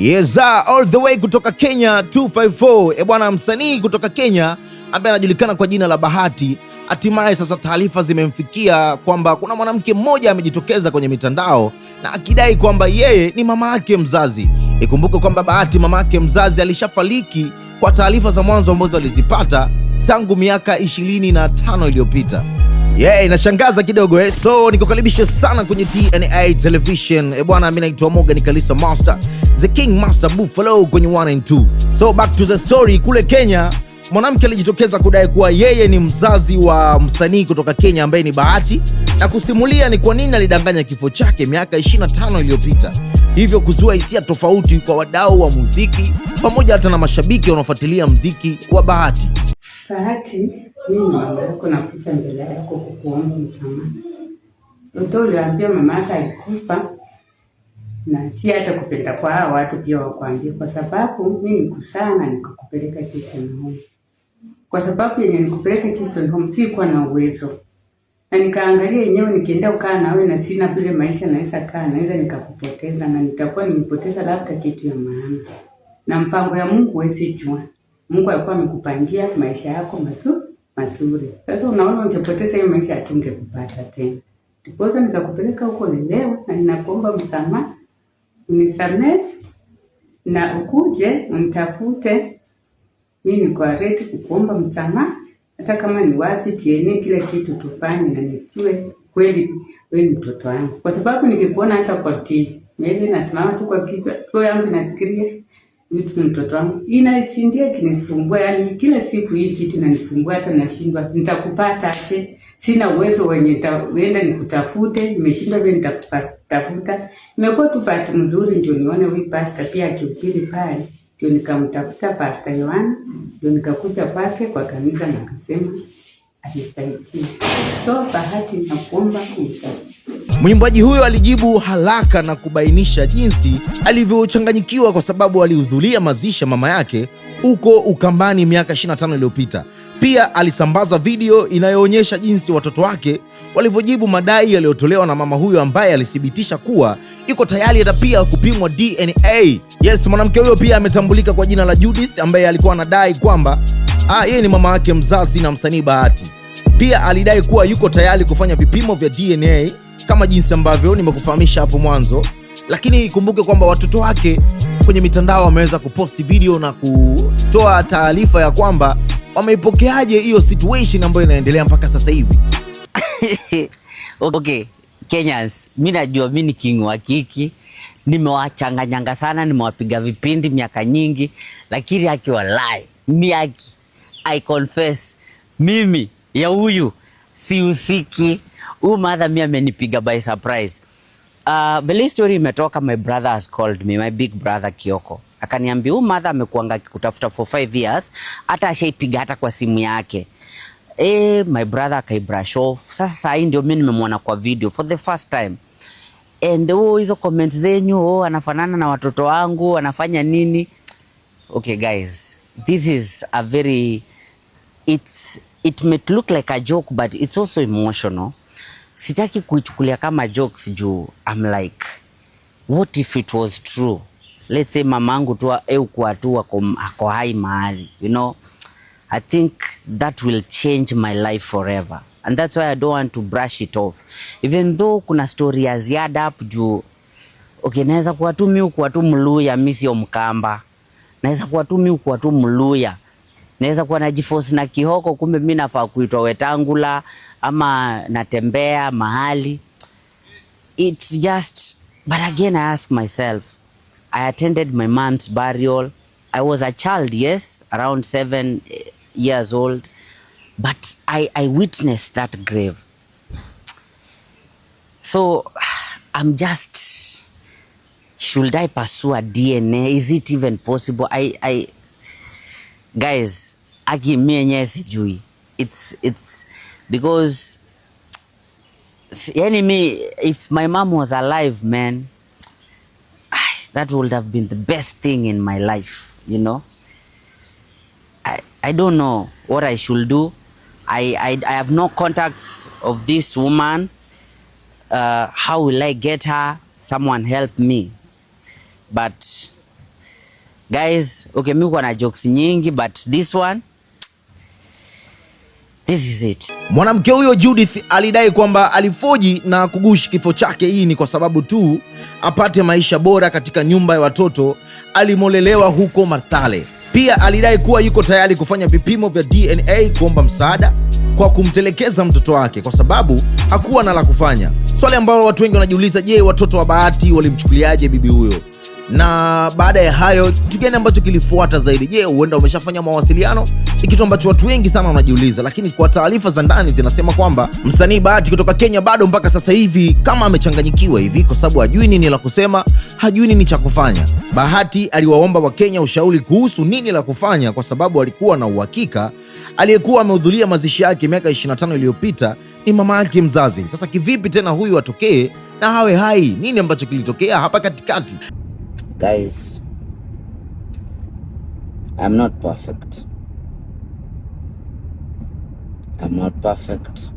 Yeza all the way kutoka Kenya 254. E bwana, msanii kutoka Kenya ambaye anajulikana kwa jina la Bahati, hatimaye sasa taarifa zimemfikia kwamba kuna mwanamke mmoja amejitokeza kwenye mitandao na akidai kwamba yeye ni mama yake mzazi. Ikumbuke kwamba Bahati mama yake mzazi alishafariki kwa taarifa za mwanzo ambazo alizipata tangu miaka 25 iliyopita. Yeah, inashangaza kidogo eh. So nikukaribisha sana kwenye TNA Television. Eh, bwana mimi naitwa Morgan Kalisa Master, The King Master Buffalo kwenye 1 and 2. So back to the story kule Kenya, mwanamke alijitokeza kudai kuwa yeye ni mzazi wa msanii kutoka Kenya ambaye ni Bahati na kusimulia ni kwa nini alidanganya kifo chake miaka 25 iliyopita. Hivyo kuzua hisia tofauti kwa wadau wa muziki pamoja hata na mashabiki wanaofuatilia muziki wa Bahati. Bahati mimi na baba yako nakuja mbele yako kukuomba msamaha. Mtoto uliambia mama yako alikufa na si hata kupenda kwa hao watu pia wakwambia, kwa sababu mimi nikusana nikakupeleka Children Home, kwa sababu yenye nikupeleka Children Home sikuwa na uwezo na nikaangalia yenyewe, nikienda ukaa nawe na sina vile maisha naweza kaa, naweza nikakupoteza na nitakuwa nimepoteza labda kitu ya maana, na mpango ya Mungu huwezi jua. Mungu alikuwa amekupangia maisha yako mazuri mazuri. Sasa unaona, ungepoteza hiyo maisha, hatungekupata tena. Ndiposa nikakupeleka huko leo, na ninakuomba msamaha, unisamehe na ukuje unitafute. Mimi niko ready kukuomba msamaha, hata kama ni wapi tieni, kila kitu tufanye, na nitiwe kweli wewe ni mtoto wangu, kwa sababu nikikuona hata kwa TV mimi nasimama tu kwa kichwa yangu nafikiria Nitu mtoto wangu inaichindia kinisumbua, yani kila siku hii kitu inanisumbua, hata nashindwa nitakupata aje? Sina uwezo wenye nitaenda nikutafute, nimeshindwa vile nitakutafuta. Nimekuwa tu bahati mzuri ndio nione huyu pasta pia akihubiri pale, ndio nikamtafuta Pasta Yohana, ndio nikakuja kwake kwa kanisa na kusema Mwimbaji huyo alijibu haraka na kubainisha jinsi alivyochanganyikiwa kwa sababu alihudhuria mazishi ya mama yake huko Ukambani miaka 25 iliyopita. Pia alisambaza video inayoonyesha jinsi watoto wake walivyojibu madai yaliyotolewa na mama huyo ambaye alithibitisha kuwa iko tayari hata pia kupimwa DNA. Yes, mwanamke huyo pia ametambulika kwa jina la Judith ambaye alikuwa anadai kwamba Ah, yeye ni mama yake mzazi na msanii Bahati. Pia alidai kuwa yuko tayari kufanya vipimo vya DNA kama jinsi ambavyo nimekufahamisha hapo mwanzo, lakini ikumbuke kwamba watoto wake kwenye mitandao wameweza kuposti video na kutoa taarifa ya kwamba wameipokeaje hiyo situation ambayo inaendelea mpaka sasa hivi. Okay, Kenyans, mi najua mi ni king wa kiki, nimewachanganyanga sana, nimewapiga vipindi miaka nyingi, lakini akiwalai mi aki I confess, mimi ya huyu sihusiki. Huyu madha mi amenipiga by surprise. Uh, ah, vile story imetoka, my brother has called me, my big brother Kioko akaniambia huyu madha amekuanga kutafuta for five years, hata ashaipiga hata kwa simu yake. Eh, my brother akaibrash off. Sasa saa hii ndio mi nimemwona kwa video for the first time and oh, hizo comments zenyu oh, anafanana na watoto wangu anafanya nini? Okay guys, this is a very it's it may look like a joke but it's also emotional. Sitaki kuichukulia kama jokes juu I'm like what if it was true? Let's say mamangu tu au kwa tu ako hai mahali you know I think that will change my life forever and that's why I don't want to brush it off even though kuna story ya ziada hapo juu Okay, naweza kuwa tu mimi kuwa tu Mluya, mimi sio Mkamba. Naweza kuwa tu mimi kuwa tu Mluya naweza kuwa najifosi na kihoko, kumbe mimi nafaa kuitwa Wetangula ama natembea mahali. It's just but again I ask myself, I attended my mom's burial. I was a child, yes, around seven eh, years old, but I, I witnessed that grave. So I'm just, should I pursue a DNA? Is it even possible? I, I, guys, aki mimi yenyewe sijui it's it's because yani mi if my mom was alive man that would have been the best thing in my life you know I I don't know what I should do I I, I have no contacts of this woman uh, how will I get her someone help me but Guys, okay, mimi kwa na jokes nyingi but this one this is it. Mwanamke huyo Judith alidai kwamba alifoji na kugushi kifo chake. Hii ni kwa sababu tu apate maisha bora katika nyumba ya watoto alimolelewa huko Marthale. Pia alidai kuwa yuko tayari kufanya vipimo vya DNA kuomba msaada kwa kumtelekeza mtoto wake kwa sababu hakuwa na la kufanya, swali ambalo watu wengi wanajiuliza, je, watoto wa Bahati walimchukuliaje bibi huyo? Na baada ya hayo, kitu gani ambacho kilifuata zaidi? Je, huenda umeshafanya mawasiliano? Ni kitu ambacho watu wengi sana wanajiuliza, lakini kwa taarifa za ndani zinasema kwamba msanii Bahati kutoka Kenya bado mpaka sasa hivi kama amechanganyikiwa hivi, kwa sababu hajui nini la kusema, hajui nini cha kufanya. Bahati aliwaomba Wakenya ushauri kuhusu nini la kufanya, kwa sababu alikuwa na uhakika aliyekuwa amehudhuria mazishi yake miaka 25 iliyopita ni mama yake mzazi. Sasa kivipi tena huyu atokee na hawe hai? Nini ambacho kilitokea hapa katikati? Guys, I'm not perfect. I'm not perfect.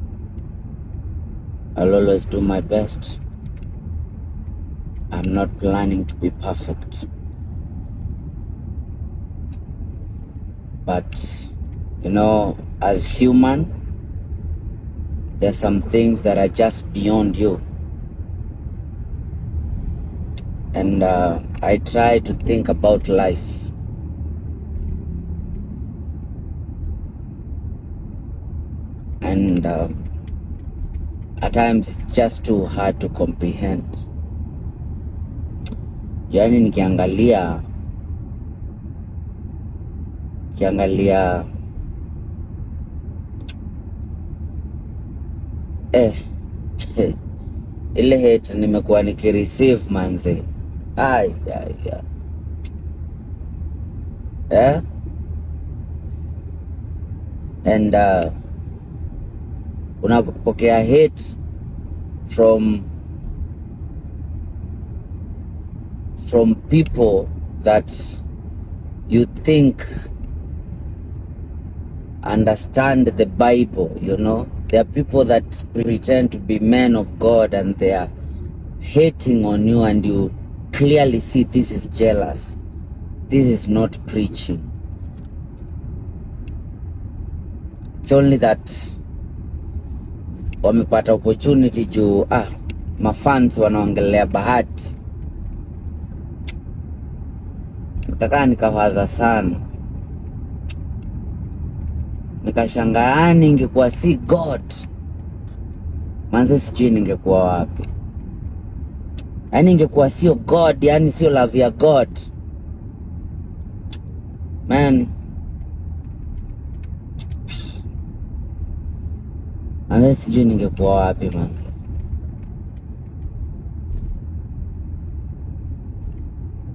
I'll always do my best. I'm not planning to be perfect. But, you know, as human, there's some things that are just beyond you. and uh, I try to think about life. And uh, at times it's just too hard to comprehend. yani nikiangalia nikiangalia eh, ile hate nimekuwa nikireceive manze Ai, ai, ai. Yeah? And uh, unapokea hate from from people that you think understand the Bible, you know. There are people that pretend to be men of God and they are hating on you and you clearly see this is jealous. This is not preaching. It's only that wamepata opportunity juu ah, mafans wanaongelea Bahati. Nikakaa nikawaza sana, nikashangaa, ah, ningekuwa si God manze, sijui ningekuwa wapi yani ingekuwa sio God, yani sio love ya God man, manze sijui ningekuwa wapi manze.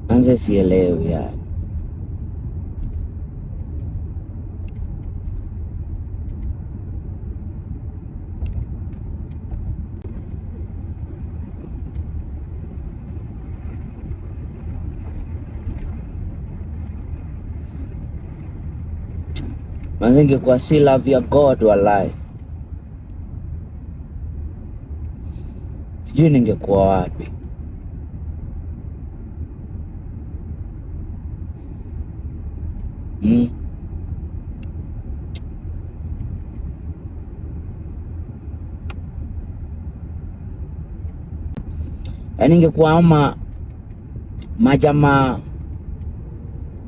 Manze sielewi yani. mazingi kwa si love ya God walai, sijui ningekuwa wapi. Mm. Yaani ingekuwa ama majamaa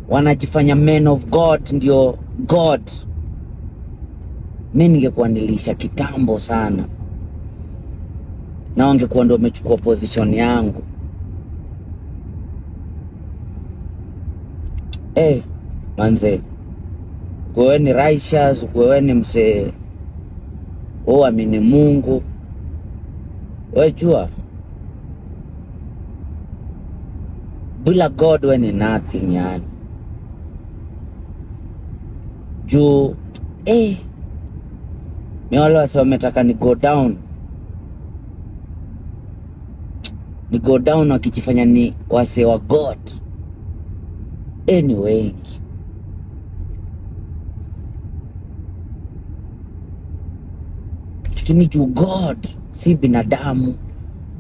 wanajifanya men of God ndio God, mi nilisha kitambo sana, na wangekuwa ndio wamechukua position yangu. Eh, manze, ukuwe ni righteous, ukuwe ni msee uamini Mungu, wejua bila God we ni nothing yani juu eh, mi wale wasi wametaka ni go down ni go down wakijifanya ni wase wa God e ni wengi lakini juu God si binadamu.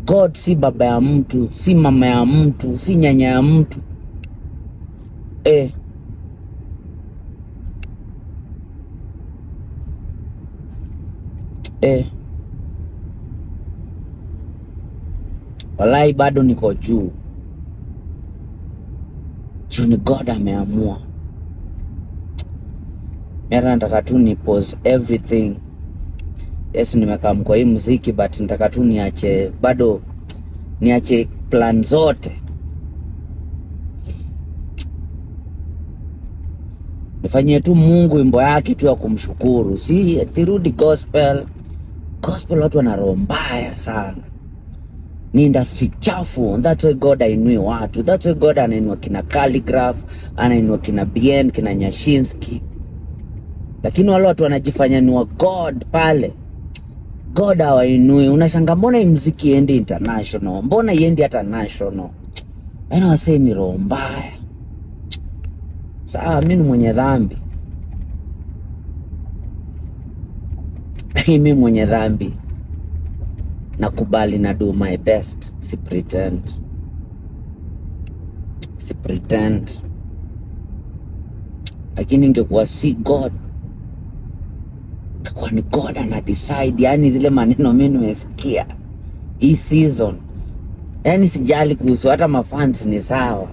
God si baba ya mtu, si mama ya mtu, si nyanya ya mtu eh. eh, walai bado niko juu juu, ni God ameamua. mera nataka tu ni pause everything. Yes, nimekam kwa hii muziki but nataka tu niache bado niache plan zote nifanyie tu Mungu wimbo yake tu ya kumshukuru, si thirudi gospel gospel watu wana roho mbaya sana, ni industry chafu. That's why God ainui watu, that's why God anainua kina Calligraph, anainua kina Bien, kina Nyashinski, lakini wale watu wanajifanya ni wa God pale. God awainui Unashanga mbona mziki iendi international, mbona iendi hata national? Yaani wasee ni roho mbaya. Sawa, mi ni mwenye dhambi. Mimi mwenye dhambi nakubali na do my best, si pretend, si pretend. Lakini ingekuwa si God, ingekuwa ni God ana decide. Yani zile maneno mi nimesikia hii season, yani sijali kuhusu hata mafans ni sawa,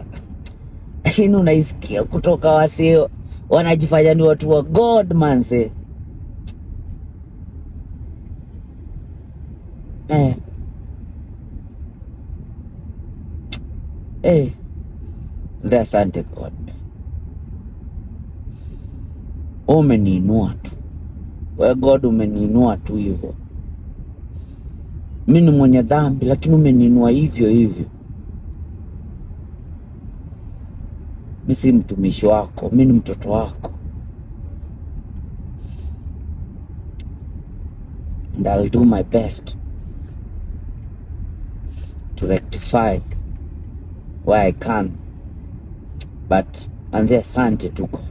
lakini unaisikia kutoka wasio wanajifanya ni watu wa God manze the asante God man. Umeniinua tu we God, umeniinua tu hivyo. Mi ni mwenye dhambi, lakini umeniinua hivyo hivyo. Mi si mtumishi wako, mi ni mtoto wako. And I'll do my best to rectify where I can but anze asante to God,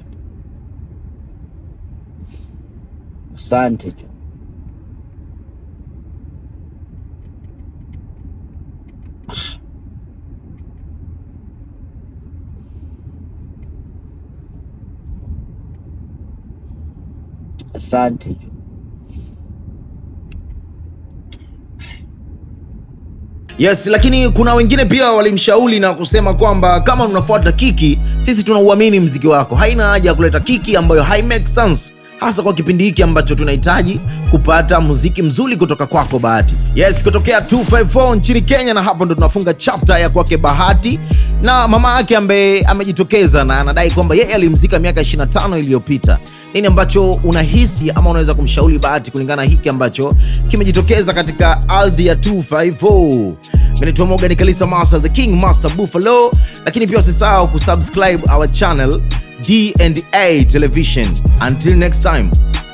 asante tu ah. asante tu Yes, lakini kuna wengine pia walimshauri na kusema kwamba kama unafuata kiki, sisi tunauamini mziki wako, haina haja ya kuleta kiki ambayo hai make sense hasa kwa kipindi hiki ambacho tunahitaji kupata muziki mzuri kutoka kwako Bahati. Yes, kutokea 254 nchini Kenya, na hapo ndo tunafunga chapta ya kwake Bahati na mama yake ambaye amejitokeza na anadai kwamba yeye alimzika miaka 25 iliyopita. Nini ambacho unahisi ama unaweza kumshauri Bahati kulingana na hiki ambacho kimejitokeza katika ardhi ya 254? Mimi ni Kalisa Master, the King Master Buffalo, lakini pia usisahau kusubscribe our channel D&A Television. Until next time.